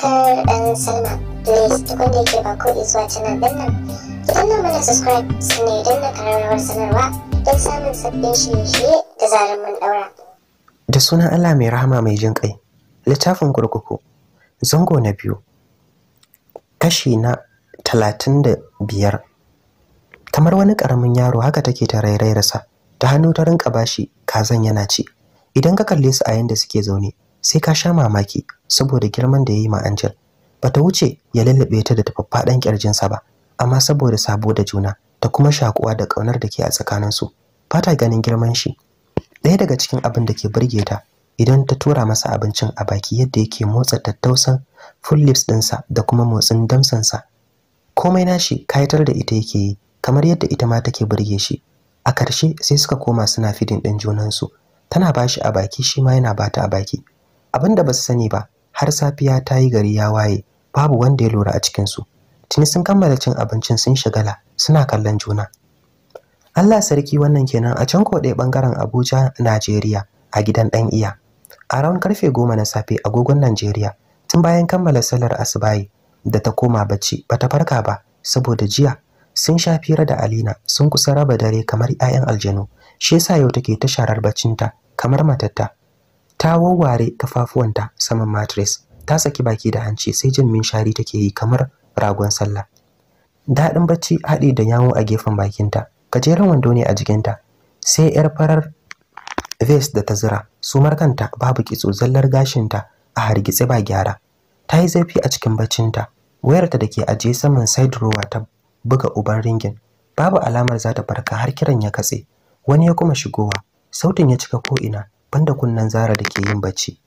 subscribe and sign up. Please tukun da yake ba ko zuwa canal din nan. Ki danna mana subscribe sannan idan na kararrawar sanarwa don samun sabbin shirye-shirye da zarar mun daura. Da sunan Allah mai rahama mai jin kai. Littafin kurkuku. Zango na biyu. Kashi na talatin da biyar. Kamar wani ƙaramin yaro haka take ta rairayarsa, ta hannu ta rinka bashi kazan yana ci. Idan ka kalle su a yanda suke zaune, sai ka sha mamaki saboda girman da ya yi ma Angel bata wuce ya lallabe ta da kirjin ƙirjinsa ba amma saboda sabo da juna ta kuma shakuwa da ƙaunar da ke a tsakaninsu fata ganin girman shi ɗaya daga cikin abin da ke burge ta idan ta tura masa abincin a baki yadda yake motsa tattausan full lips ɗinsa da kuma motsin damsansa komai nashi kayatar da ita yake yi kamar yadda ita ma take burge shi a ƙarshe sai suka koma suna fidin ɗin junansu tana bashi a baki shi ma yana bata a baki abin da ba su sani ba har safiya ta yi gari ya waye babu wanda ya lura a cikinsu tuni sun kammala cin abincin sun shigala suna kallon juna Allah sarki wannan kenan a can ko ɗaya ɓangaren Abuja Najeriya a gidan ɗan iya a rawan karfe goma na safe agogon Najeriya tun bayan kammala salar asibayi da ta koma bacci ta farka ba saboda jiya sun sha fira da Alina sun kusa raba dare kamar 'ya'yan aljanu shi yasa yau take ta sharar baccinta kamar matatta ta wawware kafafuwanta saman matris, ta saki baki da hanci sai jin shari take yi kamar ragon sallah daɗin bacci haɗi da yawo a gefen bakinta gajeren wando ne a jikinta sai yar farar ves da ta zira su markanta babu kitso zallar gashinta a hargitse ba gyara ta yi zafi a cikin baccinta wayarta da ke ajiye saman side drawer ta buga uban ringin babu alamar za ta farka har kiran ya katse wani ya kuma shigowa sautin ya cika ko'ina banda kunnen Zara da ke yin bacci.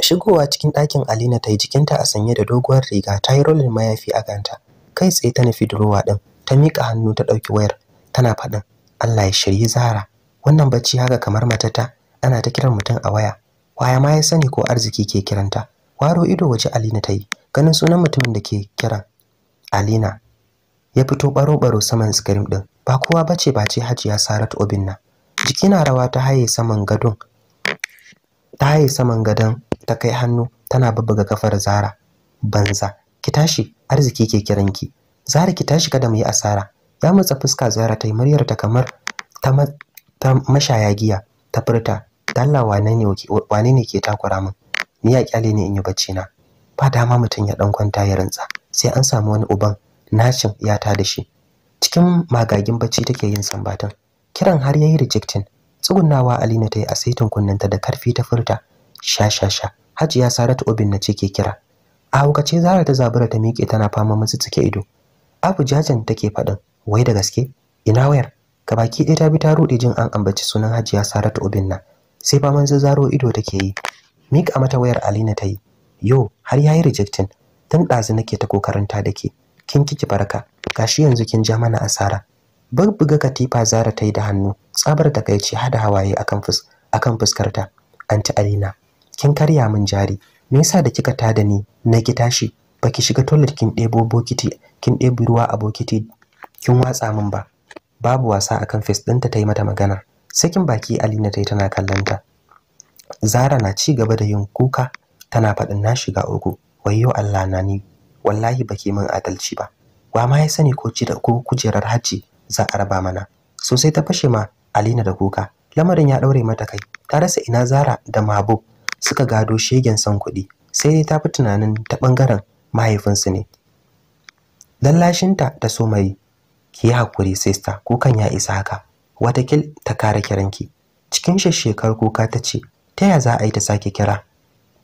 Shigowa cikin ɗakin Alina ta yi jikinta a sanye da doguwar riga ta yi rolin mayafi a ganta. Kai tsaye ta nufi durowa ɗin, ta miƙa hannu ta ɗauki wayar, tana faɗin Allah ya shirye Zara. Wannan bacci haka kamar matata, ana ta kiran mutum a waya. Waya ma ya sani ko arziki ke kiranta. Waro ido waje Alina ta yi, ganin sunan mutumin da ke kira Alina ya fito baro-baro saman screen ɗin. Ba kowa bace bace Hajiya Saratu Obinna. Jiki na rawa ta haye saman gadon ta yi saman gadon ta kai hannu tana babbaga kafar Zara banza ki tashi arziki ke kiranki Zara ki tashi kada mu yi asara ya matsa fuska Zara ta yi muryar ta kamar ta, mashaya giya ta furta dalla wane ne ke takura min ni ya kyale ne in yi bacci na ba dama mutum ya dan kwanta ya rantsa sai an samu wani uban nashin ya ta da shi cikin magagin bacci take yin sambatan kiran har yayi rejecting tsugunnawa alina ta yi a saitin kunnanta da karfi ta furta Shashasha, hajiya saratu obin na ce ke kira a hukace zara ta zabura ta miƙe tana fama mutsutsuke ido abu jajan take faɗin wai da gaske ina wayar ka baki ɗaya ta bi ta rude jin an ambaci sunan hajiya saratu obin na sai faman zaro ido take yi miƙa mata wayar alina ta yi yo har yayi rejecting Tun ɗazu nake ta kokarin ta dake kin kiki baraka gashi yanzu kin ja mana asara buga katifa zara ta yi da hannu tsabar da kai ce hada hawaye akan fus akan fuskarta anti alina kin karya min jari me yasa da kika tada ni na ki tashi baki shiga toilet kin ɗebo bokiti kin ɗebi ruwa a bokiti kin watsa min ba babu wasa akan face ɗinta ta yi mata maganar sakin baki alina ta yi tana kallonta zara na ci gaba da yin kuka tana faɗin na shiga uku yau allah na ni wallahi baki min adalci ba wa ma ya sani ko kujerar hajji za a raba mana sosai ta fashe ma alina da kuka lamarin ya ɗaure mata kai ta rasa ina zara da mabub suka gado shegen son kuɗi sai dai ta fi tunanin ta ɓangaren mahaifinsu ne lallashinta da so mai ki yi hakuri sista kukan ya isa haka watakil ta kara kiranki cikin shekar kuka ta ce ta ya za a yi ta sake kira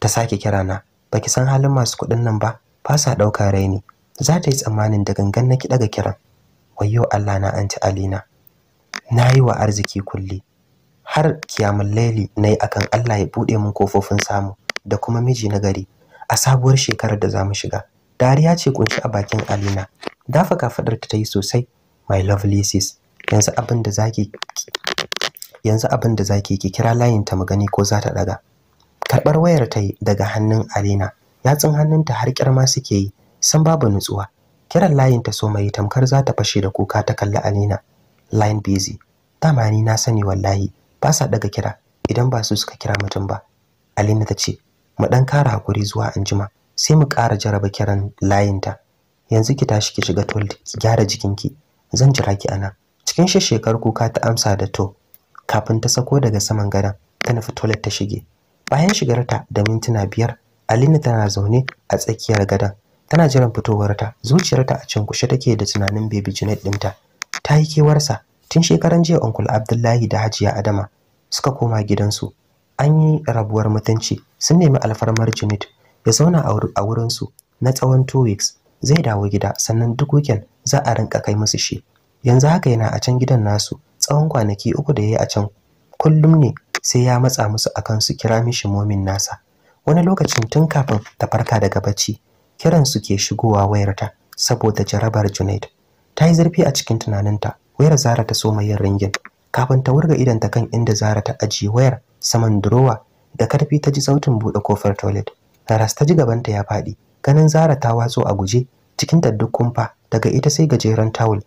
ta sake kira na baki san halin masu kuɗin nan ba fasa sa raini za ta yi tsammanin da gangan na ki ɗaga kiran wayyo Allah na anti Alina na yi wa arziki kulli har kiyamun laili na yi akan Allah ya buɗe min kofofin samu da kuma miji na gari a sabuwar shekarar da za mu shiga dariya ce kunshi a bakin Alina dafa kafadar ta yi sosai my lovely sis yanzu abin da zaki yanzu abin da zaki ki kira layin ta magani ko za ta daga karbar wayar ta daga hannun Alina yatsun hannunta har kirma suke yi san babu nutsuwa kiran layin ta so mai tamkar za ta fashe da kuka ta kalla Alina line busy dama ni na sani wallahi ba sa daga kira idan ba su suka kira mutum ba Alina ta ce mu dan kara hakuri zuwa anjima sai mu kara jaraba kiran layin ta yanzu ki tashi ki shiga toilet ki gyara jikin ki. zan jira ki ana cikin shekar kuka ta amsa da to kafin ta sako daga saman gadon ta nufi toilet ta shige bayan shigarta da mintuna biyar Alina tana zaune a tsakiyar gadon tana jiran fitowarta zuciyarta a cunkushe take da tunanin baby Junaid ɗinta ta yi kewarsa tun shekaran jiya Uncle Abdullahi da Hajiya Adama suka koma gidansu an yi rabuwar mutunci sun nemi alfarmar Junaid ya zauna a wurin su na tsawon two weeks zai dawo gida sannan duk weekend za a rinka kai musu shi yanzu haka yana a can gidan nasu tsawon kwanaki uku da ya yi a can kullum ne sai ya matsa musu akan su kira mishi momin nasa wani lokacin tun kafin ta farka daga bacci kiran su ke shigowa wayarta saboda jarabar Junaid. Ta yi zurfi a cikin tunaninta, wayar Zara ta soma yin ringin. Kafin ta wurga idanta kan inda Zara ta ajiye wayar saman durowa da karfi ta ji sautin buɗe kofar toilet. Taras ta ji gabanta ya faɗi, ganin Zara ta watso a guje cikin duk kumfa daga ita sai gajeren tawul.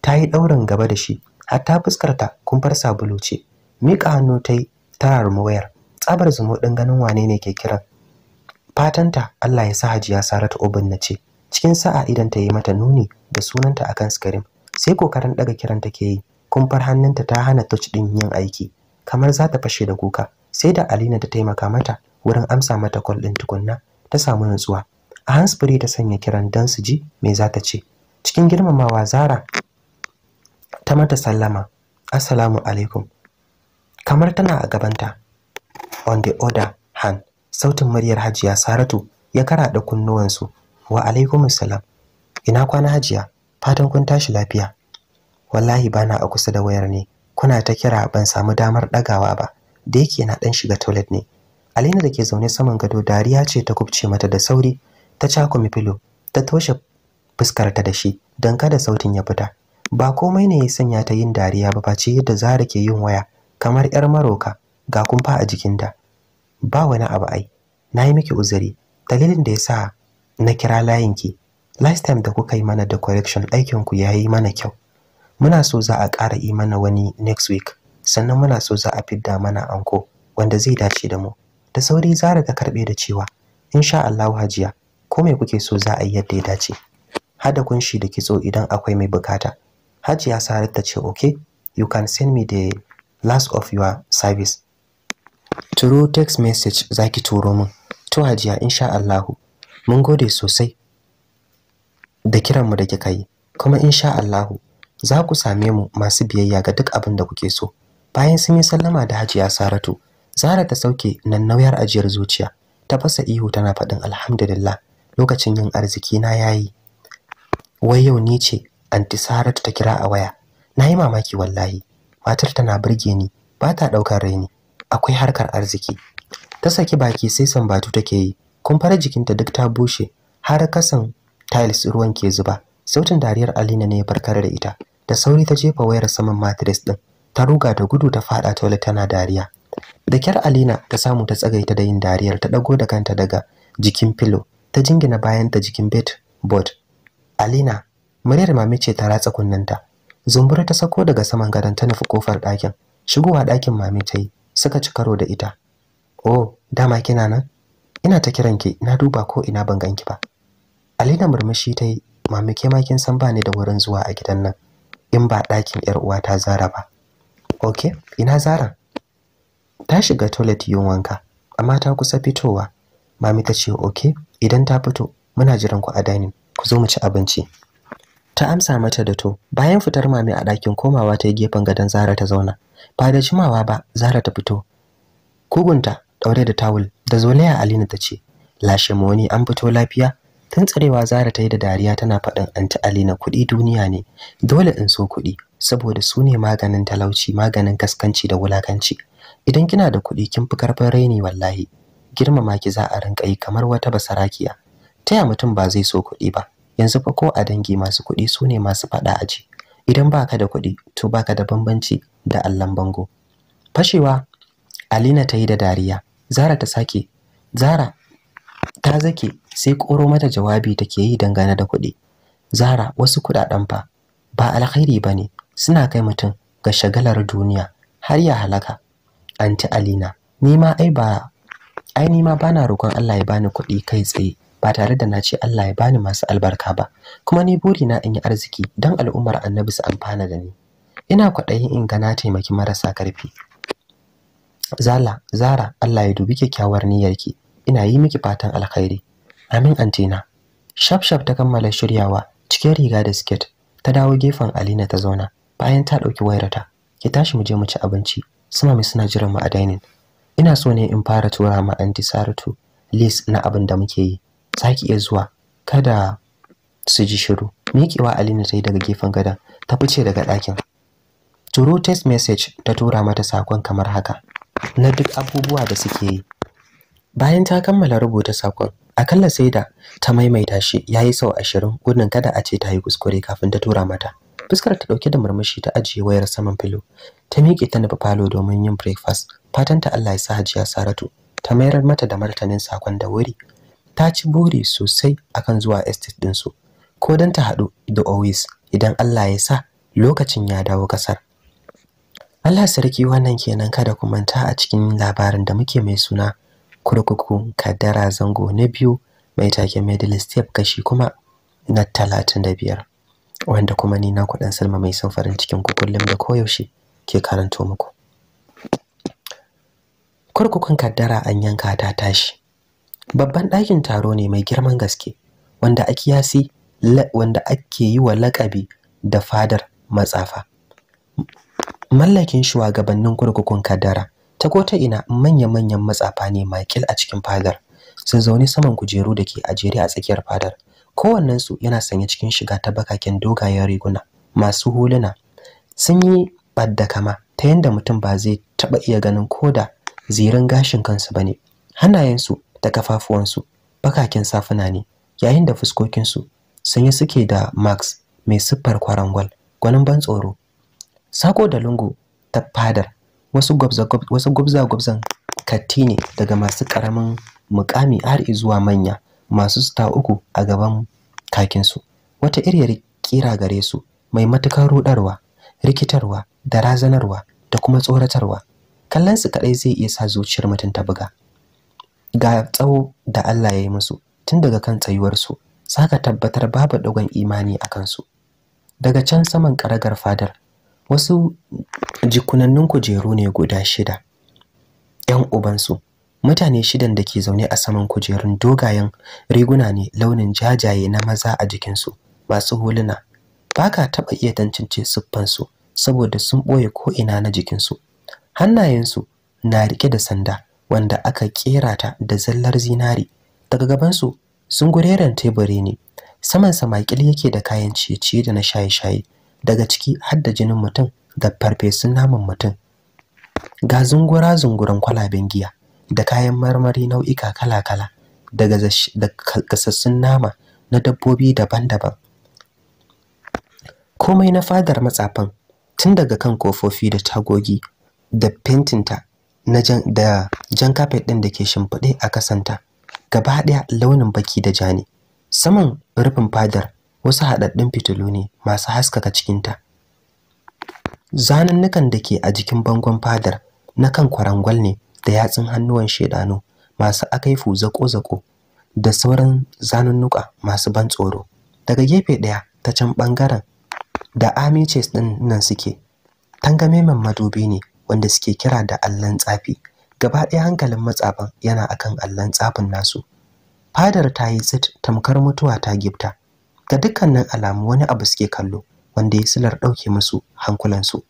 Ta yi ɗaurin gaba da shi, hatta fuskarta kumfar sabulu ce. Miƙa hannu ta yi ta wayar, tsabar zumo ɗin ganin wane ne ke kiran fatanta Allah ya sa Hajiya Saratu Oban na ce cikin sa'a idan ta yi mata nuni da sunanta a akan screen sai kokarin daga kiran take yi kumfar hannunta ta hana touch ɗin yin aiki kamar za ta fashe da kuka sai da Alina ta taimaka mata wurin amsa mata kwal din tukunna ta samu nutsuwa a handsfree ta sanya kiran dan su ji me za ta ce cikin girmamawa Zara ta mata sallama assalamu alaikum kamar tana a gabanta on the other hand sautin muryar hajiya saratu ya karaɗa kunnuwansu wa alaikum salam. ina kwana hajiya fatan kun tashi lafiya wallahi bana a kusa da wayar ne kuna ta kira ban samu damar ɗagawa ba da yake na ɗan shiga toilet ne Alina da ke zaune saman gado dariya ce ta kubce mata da sauri ta cakumi filo ta toshe fuskarta da shi don kada sautin ya fita ba komai ne ya sanya ta yin dariya ba face yadda Zara ke yin waya kamar yar maroka ga kumfa a jikinta ba wani abu ai na yi miki uzuri dalilin da ya sa na kira layinki last time da kuka yi mana da correction aikinku ya yi mana kyau muna so za a ƙara yi mana wani next week sannan muna so za a fidda mana anko wanda zai dace da mu da sauri zara ta karɓe da cewa insha Allah hajiya ko mai kuke so za a yi yadda ya dace hada kunshi da kitso idan akwai mai bukata hajiya sarar ta ce okay you can send me the last of your service turo text message zaki turo min to hajiya insha Allah mun gode sosai da kiran mu da kika yi kuma insha Allah za ku same mu masu biyayya ga duk abin da kuke so bayan sun yi sallama da hajiya Saratu Zara ta sauke nan nauyar ajiyar zuciya ta fasa ihu tana faɗin alhamdulillah lokacin yin arziki na yayi wai yau ni ce anti Saratu ta kira a waya na yi mamaki wallahi matar tana burge ni ba ta ɗaukar raini akwai harkar arziki ta saki baki sai sambatu take yi fara jikinta duk ta bushe har kasan tiles ruwan ke zuba sautin dariyar alina ne ya farkar da ita da sauri ta jefa wayar saman mattress din ta ruga da gudu ta fada toilet tana dariya da kyar alina ta samu ta tsagaita da yin dariyar ta dago da kanta daga jikin pillow ta jingina bayan ta jikin bed board alina muryar mami ce ta ratsa kunnanta zumbura ta sako daga saman gadon ta nufi kofar ɗakin shigowa ɗakin mami ta yi suka ci karo da ita oh dama kina nan ina ta kiran ki na duba ko ina ban ganki ba alina murmushi ta yi mami ke ma kin san bani da wurin zuwa a gidan nan in ba ɗakin yar uwata zara ba Ok, ina zara ta shiga toilet yin wanka amma ta kusa fitowa mami ta ce ok, idan ta fito muna jiran ku a dining ku zo mu ci abinci ta amsa mata da to bayan fitar mami a ɗakin komawa ta yi gefen gadon zara ta zauna ba da jimawa ba zara ta fito kugunta daure da tawul da zolaya alina ta ce lashe mu wani an fito lafiya tun tsarewa zara ta yi da dariya tana faɗin anti alina kuɗi duniya ne dole in so kuɗi saboda su ne maganin talauci maganin kaskanci da wulakanci idan kina da kuɗi kin fi karfin raini wallahi girmama ki za a rinka yi kamar wata basarakiya taya mutum ba zai so kuɗi ba yanzu fa ko a dangi masu kuɗi su ne masu faɗa a aji idan baka da kuɗi to baka da bambanci da allon bango fashewa alina ta yi da dariya zara ta sake zara ta zake sai koro mata jawabi take yi dangane da kuɗi zara wasu kuɗaɗen fa ba alkhairi ba ne suna kai mutum ga shagalar duniya har ya halaka anti alina ni ma ai ba ai ni ma bana roƙon Allah ya bani kuɗi kai tsaye ba tare da na ce Allah ya bani masu albarka ba kuma ni burina in yi arziki don al'ummar annabi su amfana da ni ina kwaɗayin in ga na taimaki marasa ƙarfi zala zara Allah ya dubi kyakkyawar niyyarki ina yi miki fatan alkhairi amin antina shaf shaf ta kammala shiryawa cikin riga da siket ta dawo gefen Alina ta zauna bayan ta ɗauki wayarta ki tashi mu je mu ci abinci suma mai suna jiran mu a dainin. ina so ne in fara tura ma anti Saratu list na abin da muke yi saki iya zuwa kada su ji shiru miƙewa Alina ta yi daga gefen gadon ta fice daga ɗakin Turo text message ta tura mata sakon kamar haka. Na duk abubuwa da suke yi. Bayan ta kammala rubuta sakon, akalla sai da ta maimaita shi ya yi sau ashirin gudun kada a ce ta yi kuskure kafin ta tura mata. Fuskar ta dauke da murmushi ta ajiye wayar saman filo. Ta miƙe ta nufi falo domin yin breakfast. Fatan ta Allah ya sa Hajiya Saratu ta mayar mata da martanin sakon da wuri. Ta ci buri sosai akan zuwa estate ɗinsu. Ko don ta haɗu da always idan Allah ya sa lokacin ya dawo kasar. Allah sarki wannan kenan kada ku manta a cikin labarin da muke mai suna kurkuku kaddara zango na biyu mai take middle step kashi kuma na 35 wanda kuma ni na kudan Salma mai son cikin ku kullum da koyaushe ke karanto muku kurkukun kaddara an yanka ta tashi babban ɗakin taro ne mai girman gaske wanda ake yasi wanda ake yi wa lakabi da fadar matsafa mallakin shugabannin kurkukun kadara ta kota ina manya-manyan matsafa ne makil a cikin fadar sun zaune saman kujeru da ke ajere a tsakiyar fadar kowannensu yana sanye cikin shiga ta bakakin dogayen riguna masu huluna sun yi ɓadda kama ta yadda mutum ba zai taɓa iya ganin koda zirin gashin kansu ba ne hannayensu da kafafuwansu bakaken safuna ne yayin da fuskokinsu sun yi suke da max mai siffar kwarangwal gwanin ban tsoro sako da lungu ta fadar wasu gwabza-gwabzan katti ne daga masu ƙaramin mukami har zuwa manya masu sta uku a gaban kakinsu wata iriyar kira gare su mai matukar rudarwa rikitarwa da razanarwa da kuma tsoratarwa kallon su kadai zai iya sa zuciyar mutum ta buga ga tsawo da Allah ya yi musu tun daga kan tsayuwarsu saka tabbatar babu dogon imani a kansu daga can saman karagar fadar wasu jikunannin kujeru ne guda shida yan ubansu mutane shidan da ke zaune a saman kujerun dogayen riguna ne launin jajaye na maza a jikinsu masu huluna ba ka taɓa iya tantance siffansu saboda sun ɓoye ko'ina na jikinsu hannayensu na riƙe da sanda wanda aka ƙera ta da zallar zinari daga gabansu sun gureren teburi ne saman samakil yake da kayan ciye-ciye da na shaye-shaye daga ciki har da jinin mutum da farfesun naman mutum ga zungura zunguran kwalaben giya da kayan marmari nau'ika kala-kala da gasassun nama na dabbobi daban-daban komai na fadar matsafan tun daga kan kofofi da tagogi da fentinta da jan kafet ɗin da ke shimfiɗe a kasanta gaba ɗaya launin baki da jani saman rufin fadar wasu haɗaɗɗun fitilu ne masu haskaka cikinta zanannukan da ke a jikin bangon fadar na kan kwarangwal ne da yatsun hannuwan shaidano masu akaifu zako-zako da sauran zanannuka masu ban tsoro daga gefe ɗaya ta can ɓangaren da amices ɗin nan suke tangamemen madubi ne wanda suke kira da allon tsafi gaba ɗaya hankalin matsafan yana akan allon tsafin nasu fadar ta yi tamkar mutuwa ta gifta ga dukkanin alamu wani abu suke kallo wanda ya silar ɗauke musu hankulansu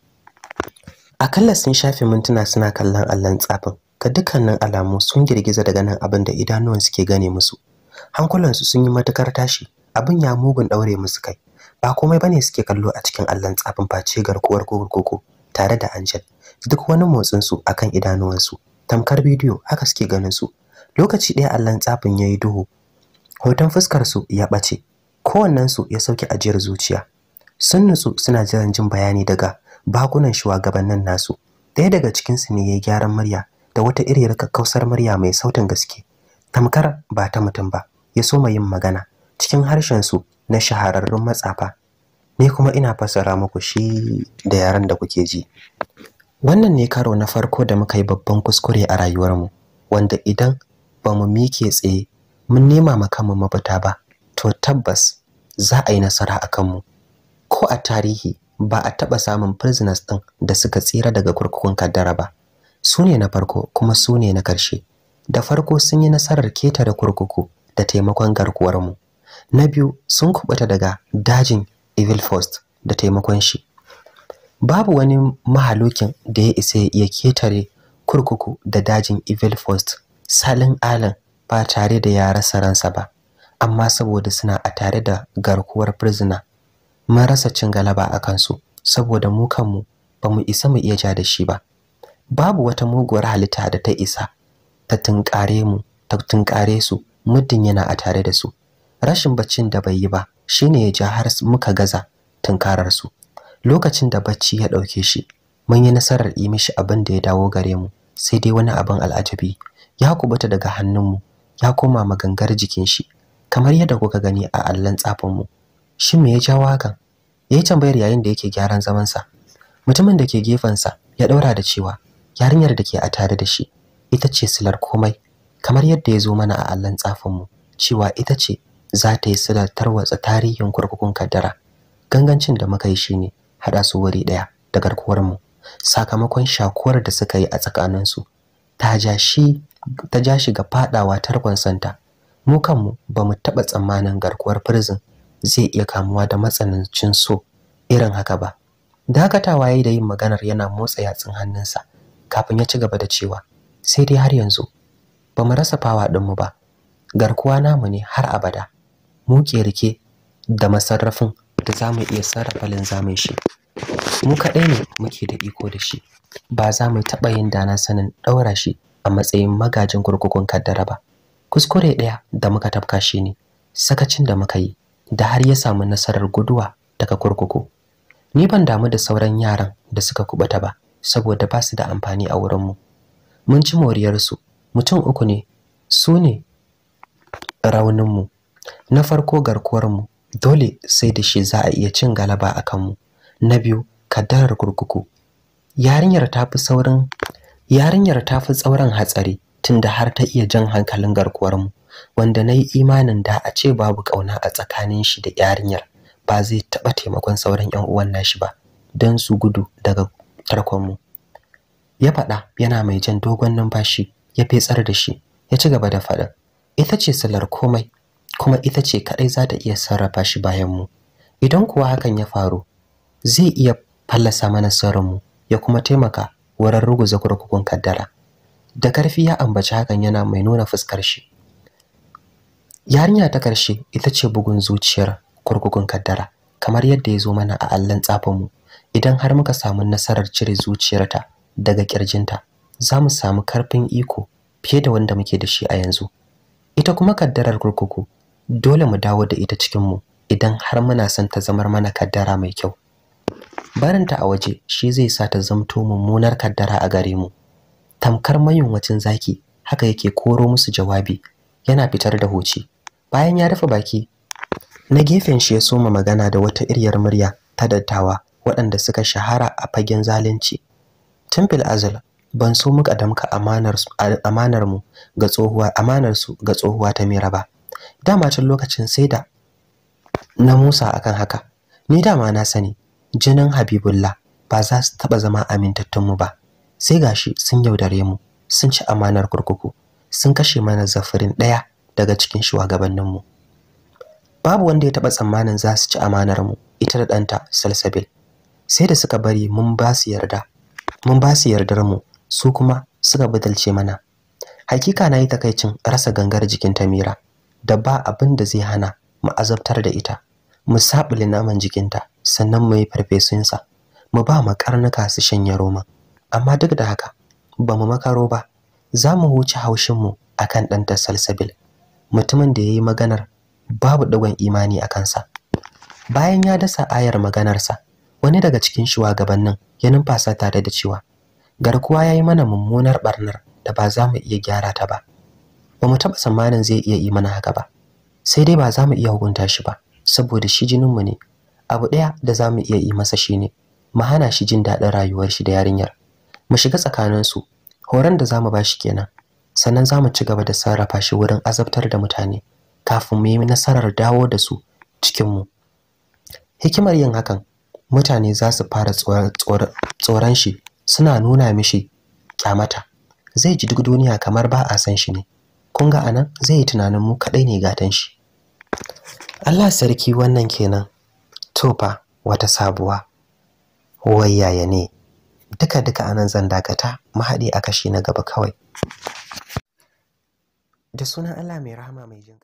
akalla sun shafe mintuna suna kallon allon tsafin ga dukkanin alamu sun girgiza daga nan abin da idanuwan suke gane musu hankulansu sun yi matukar tashi abin ya mugun ɗaure musu kai ba komai bane suke kallo a cikin allon tsafin face garkuwar kurkuku tare da Angel duk wani motsin su akan idanuwansu tamkar bidiyo haka suke ganin su lokaci ɗaya allon tsafin yayi duhu hoton fuskar su ya ɓace kowannensu ya sauke ajiyar zuciya sun nutsu suna jiran jin bayani daga bakunan shugabannin nasu ɗaya daga cikinsu ne ya yi gyaran murya da wata iriyar kakkausar murya mai sautin gaske tamkar ba ta mutum ba ya soma yin magana cikin harshen su na shahararrun matsafa ni kuma ina fassara muku shi da yaran da kuke ji wannan ne karo na farko da muka yi babban kuskure a rayuwarmu wanda idan ba mu mike tsaye mun nema kanmu mafita ba to tabbas za a yi nasara a kanmu ko a tarihi ba a taɓa samun prisoners ɗin da suka tsira daga kurkukun kaddara ba su ne na farko kuma su ne na ƙarshe da farko sun yi nasarar ketare kurkuku da taimakon garkuwarmu na biyu sun kubuta daga dajin evil first da taimakon shi babu wani mahalokin da ya isa ya ketare kurkuku da dajin evil first salin alin ba tare da ya rasa ransa ba amma saboda suna a tare da garkuwar prisoner mun rasa cin galaba a kansu saboda mu kanmu ba mu isa mu iya ja da shi ba babu wata muguwar halitta da ta isa ta tunkare mu ta tunkare su muddin yana a tare da su rashin baccin da bai yi ba shi ne ya ja har muka gaza tunkarar su lokacin da bacci ya dauke shi mun yi nasarar yi mishi abin da ya dawo gare mu sai dai wani abin al'ajabi ya kubuta daga hannunmu ya koma magangar jikin shi kamar yadda kuka gani a allon mu shin me ya jawo hakan yayi tambayar yayin da yake gyaran zamansa mutumin da ke gefen sa ya daura da cewa yarinyar da ke a tare da shi ita ce silar komai kamar yadda ya zo mana a allon mu cewa ita ce za ta yi silar tarwatsa tarihin kurkukun kaddara gangancin da muka yi shine haɗa su wuri ɗaya da garkuwar mu, sakamakon shakuwar da suka yi a tsakaninsu ta ja shi ta ja shi ga faɗawa tarkon santa mu kanmu ba mu taɓa tsammanin garkuwar prison zai iya kamuwa da matsanancin so irin haka ba dakatawa yayi da yin maganar yana motsa yatsun hannunsa kafin ya ci gaba da cewa sai dai har yanzu ba mu rasa fawa ɗinmu ba garkuwa namu ne har abada mu rike da masarrafin da za mu iya sarrafa linzamin shi mu kaɗai ne muke da iko da shi ba za mu taɓa yin dana sanin ɗaura shi a matsayin magajin kurkukun kaddara ba kuskure ɗaya da muka tafka shi ne sakacin da muka yi da har ya samu nasarar guduwa daga kurkuku ni ban damu da sauran yaran da suka kubuta ba saboda ba su da amfani a wurinmu mun ci moriyarsu mutum uku ne su ne rauninmu na farko garkuwarmu dole sai da shi za a iya cin galaba a kanmu na biyu kaddarar kurkuku yarinyar ta fi yarinyar ta fi tsauran hatsari da har ta iya jan hankalin garkuwar mu wanda na yi imanin da a ce babu ƙauna a tsakanin shi da yarinyar ba zai taɓa taimakon sauran 'yan uwan nashi ba don su gudu daga mu ya faɗa yana mai jan dogon numfashi ya fetsar da shi ya ci gaba da fada ita ce sular komai kuma ita ce kaɗai za ta iya sarrafa shi bayan mu idan kuwa hakan ya faru zai iya fallasa mana mu ya kuma taimaka wurin ruguza kurkukun kaddara da ƙarfi ya ambaci hakan yana mai nuna fuskar shi yarinya ta ƙarshe ita ce bugun zuciyar kurkukun kaddara kamar yadda ya zo mana a allon tsafinmu idan har muka samu nasarar cire zuciyarta daga ƙirjinta, za mu samu ƙarfin iko fiye da wanda muke da shi a yanzu ita kuma kaddarar kurkuku dole mu dawo da ita cikinmu idan har muna son ta zamar mana kaddara mai kyau barinta a waje shi zai sa ta zamto mummunar kaddara a gare mu tamkar mayunwacin zaki haka yake koro musu jawabi yana fitar da hoci bayan ya dafa baki na gefen shi ya soma magana da wata iryar murya ta dattawa waɗanda suka shahara a fagen zalunci tumfil azal ban so muka damka amanar mu ga tsohuwa amanar su ga tsohuwa ta mira ba dama tun lokacin sai da na Musa akan haka ni dama na sani jinin Habibullah ba za su taba zama amintattun mu ba sai gashi sun yaudare mu sun ci amanar kurkuku sun kashe mana zafirin ɗaya daga cikin mu babu wanda ya taɓa tsammanin za su ci amanar mu ita da danta salsabil sai da suka bari mun ba su yarda mun ba su yardar mu su kuma suka budalce mana hakika na yi takaicin rasa gangar jikin tamira da ba abin da zai hana mu azabtar da ita mu saɓule naman jikinta sannan mu yi farfesunsa mu ba makarnuka su shanye roman amma duk da haka ba mu makaro ba za mu huce haushinmu a kan ɗan salsabil mutumin da ya yi maganar babu ɗagon imani a kansa bayan ya dasa ayar maganarsa wani daga cikin shugabannin ya numfasa tare da cewa garkuwa ya yi mana mummunar ɓarnar da ba za mu iya gyara ta ba ba mu taɓa tsammanin zai iya yi mana haka ba sai dai ba za mu iya hukunta shi ba saboda shi jininmu ne abu ɗaya da za mu iya yi masa shine mu hana shi jin daɗin rayuwar shi da yarinyar mu shiga tsakaninsu horon da za mu ba shi kenan sannan za mu ci gaba da sarrafa shi wurin azabtar da mutane kafin mu yi nasarar dawo da su cikinmu hikimar yin hakan mutane za su fara tsoron shi suna nuna mishi kyamata zai ji duk duniya kamar ba a san shi ne kun ga anan zai yi tunanin mu kaɗai ne gatan shi Allah sarki wannan kenan tofa wata sabuwa wai ne duka duka a nan zan dakata mahaɗi a kashi na gaba kawai da sunan Allah mai rahama mai jin